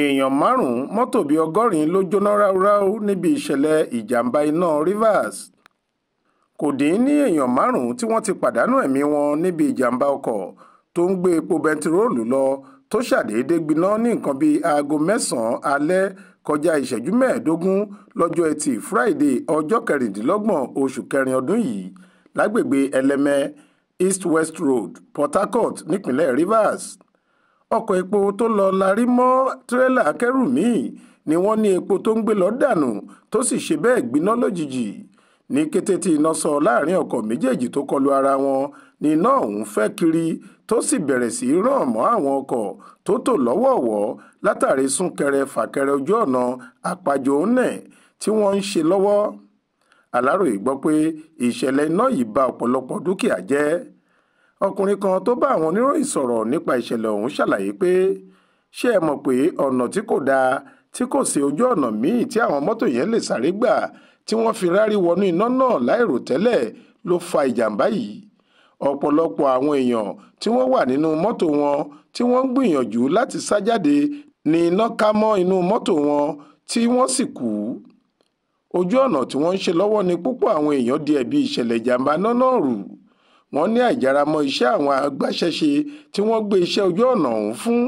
èèyàn márùn-ún mọ́tò bíi ọgọ́rin ló jóná ráúráú níbi ìṣẹ̀lẹ̀ ìjàmbá iná rivers kò dín ní èèyàn márùn-ún tí wọ́n ti pàdánù ẹ̀mí wọn níbi ìjàmbá ọkọ̀ tó ń gbé epo bẹntiróòlù lọ tó ṣàdédé gbiná ní nǹkan bíi aago mẹ́sàn-án alẹ́ kọjá ìṣẹ́jú mẹ́ẹ̀ẹ́dógún lọ́jọ́ etí friday ọjọ́ kẹrìndínlọ́gbọ̀n oṣù kẹrin ọdún yìí lágbègbè ẹlẹ́mẹ east west road port harcourt nípínlẹ̀ rivers ọkọ̀ epo tó lọ larí mọ́ tirẹ́là akẹ́rù míì ni wọ́n ní epo tó ń gbé lọ dànù tó sì ṣe bẹ́ẹ̀ gbiná lójijì ní kété tí iná sọ láàrin ọkọ̀ méjèèjì tó kọlu ara wọn ni iná ọ̀hún fẹ́ kiri tó sì bẹ̀rẹ̀ sí í ràn mọ́ àwọn ọkọ̀ tó tò lọ́wọ̀ọ̀wọ́ látàrí súnkẹrẹ fàkẹrẹ ojú ọ̀nà àpàjọ òǹnẹ̀ tí wọ́n ń ṣe lọ́wọ́ aláròye gbọ́ pé ìṣẹ̀lẹ̀ iná yìí ba ọ̀pọ̀lọpọ̀ dúkìá jẹ́ ọkùnrin kan tó bá àwọn oníròyìn sọ̀rọ̀ nípa ìṣẹ̀lẹ̀ ọ̀hún ṣàlàyé pé ṣé ẹ mọ̀ pé ọ̀nà tí kò dáa tí kò sí ojú ọ̀nà míì tí àwọn mọ́tò yẹn lè sáré gbà tí wọ́n fi rárí wọnú iná náà láìrò tẹ́lẹ̀ ló fa ìjàmbá yìí ọ̀pọ̀lọpọ̀ àwọn èèyàn tí wọ́n wà nínú mọ́tò wọn tí wọ́n ń gbìyànjú láti sá jáde ní iná ká mọ́ inú mọ́tò wọn tí wọ́n sì kú ojú ọ̀nà tí wọ́n ń ṣe lọ́wọ́ ni púpọ̀ àwọn èèyàn di ẹ̀bi ìṣẹ̀lẹ̀ ìjàmbá náà rù wọ́n ní àìjáramọ́ iṣẹ́ àwọn agbaṣẹ́ṣe tí wọ́n gbé iṣẹ́ ojú ọ̀nà ọ̀hún fún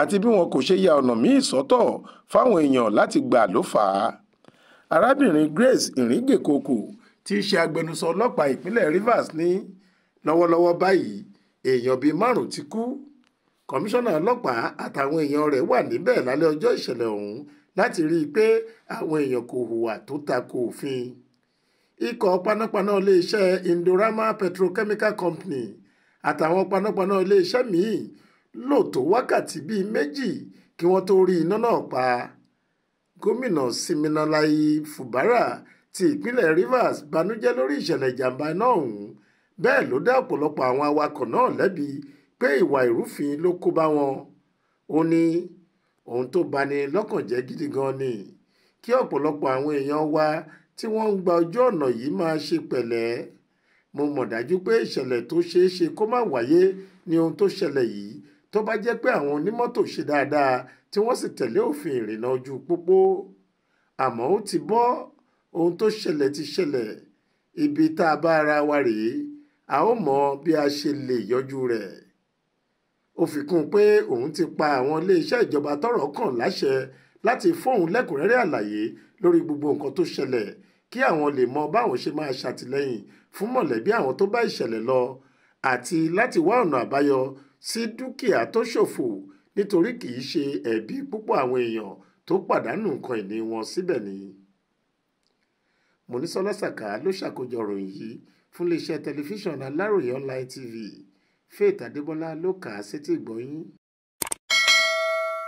àti bí wọn kò ṣe ya ọ̀nà míì sọ́tọ̀ fáwọn èèyàn láti gbà ló fà á. arábìnrin Grace Iringekoko tí í ṣe agbẹnusọ ọlọ́pàá ìpínlẹ̀ Rivers ní lọ́wọ́lọ́wọ́ báyìí èèyàn bíi márùn-ún ti kú kọmíṣánná ọlọ́pàá àtàwọn èèyàn rẹ̀ wà níbẹ̀ lálẹ́ ọjọ́ ìṣẹ̀lẹ̀ ọ̀hún láti rí i pé àwọn èèyàn kò hùwà tó tako òfin ikọ̀ panápaná iléeṣẹ́ Indorama Petrochemical Company àtàwọn panápaná iléeṣẹ́ míì lò tó wákàtí bíi méjì kí wọ́n tó rí iná náà pa gómìnà Siminalayi Fubara ti ìpínlẹ̀ Rivers banújẹ́ lórí ìṣẹ̀lẹ̀ ìjàmbá iná ọ̀hún bẹ́ẹ̀ ló dá ọ̀pọ̀lọpọ̀ àwọn awakọ̀ náà lẹ́bi pé ìwà ìrúfin ló kó bá wọn ó ní ohun tó bani lọ́kàn jẹ́ gidi gan ni kí ọ̀pọ̀lọpọ̀ àwọn èèyàn wa tí wọ́n ń gba ojú ọ̀nà yìí máa ṣe pẹ̀lẹ́ mo mọ̀ dájú pé ìṣẹ̀lẹ̀ tó ṣeé ṣe kó má wáyé ni ohun tó ṣẹlẹ̀ yìí tó bá jẹ́ pé àwọn onímọ́tò ṣe dáadáa tí wọ́n sì tẹ̀lé òfin ìrìnnà ojú pópó àmọ́ ó ti bọ́ ohun tó ṣẹlẹ̀ ti ṣẹlẹ̀ ibi tá a bá ara wa rèé a ó mọ bí a ṣe lè yọjú rẹ̀ ó fi kún un pé òun ti pa àwọn iléeṣẹ́ ìjọba tọ́rọ̀ kàn láṣẹ láti fóun lẹ́kùnrẹ́rẹ́ àlàyé lórí gbogbo nǹkan tó ṣẹlẹ̀ kí àwọn lè mọ báwọn ṣe máa ṣàtìlẹ́yìn fún mọ̀lẹ́bí àwọn tó bá ìṣẹ̀lẹ̀ lọ àti láti wá ọ̀nà àbáyọ sí dúkìá tó ṣòfò nítorí kì í ṣe ẹ̀bi púpọ̀ àwọn èèyàn tó pàdánù nǹkan ìní wọn síbẹ̀ ni. Mọ́nísọ́lá Sàká ló ṣàkójọ ròyìn yìí fún iléeṣẹ́ tẹlifíṣàn Aláròyé online tv Faith Adébọ́lá ló kà á sétí ìgbọ́yín.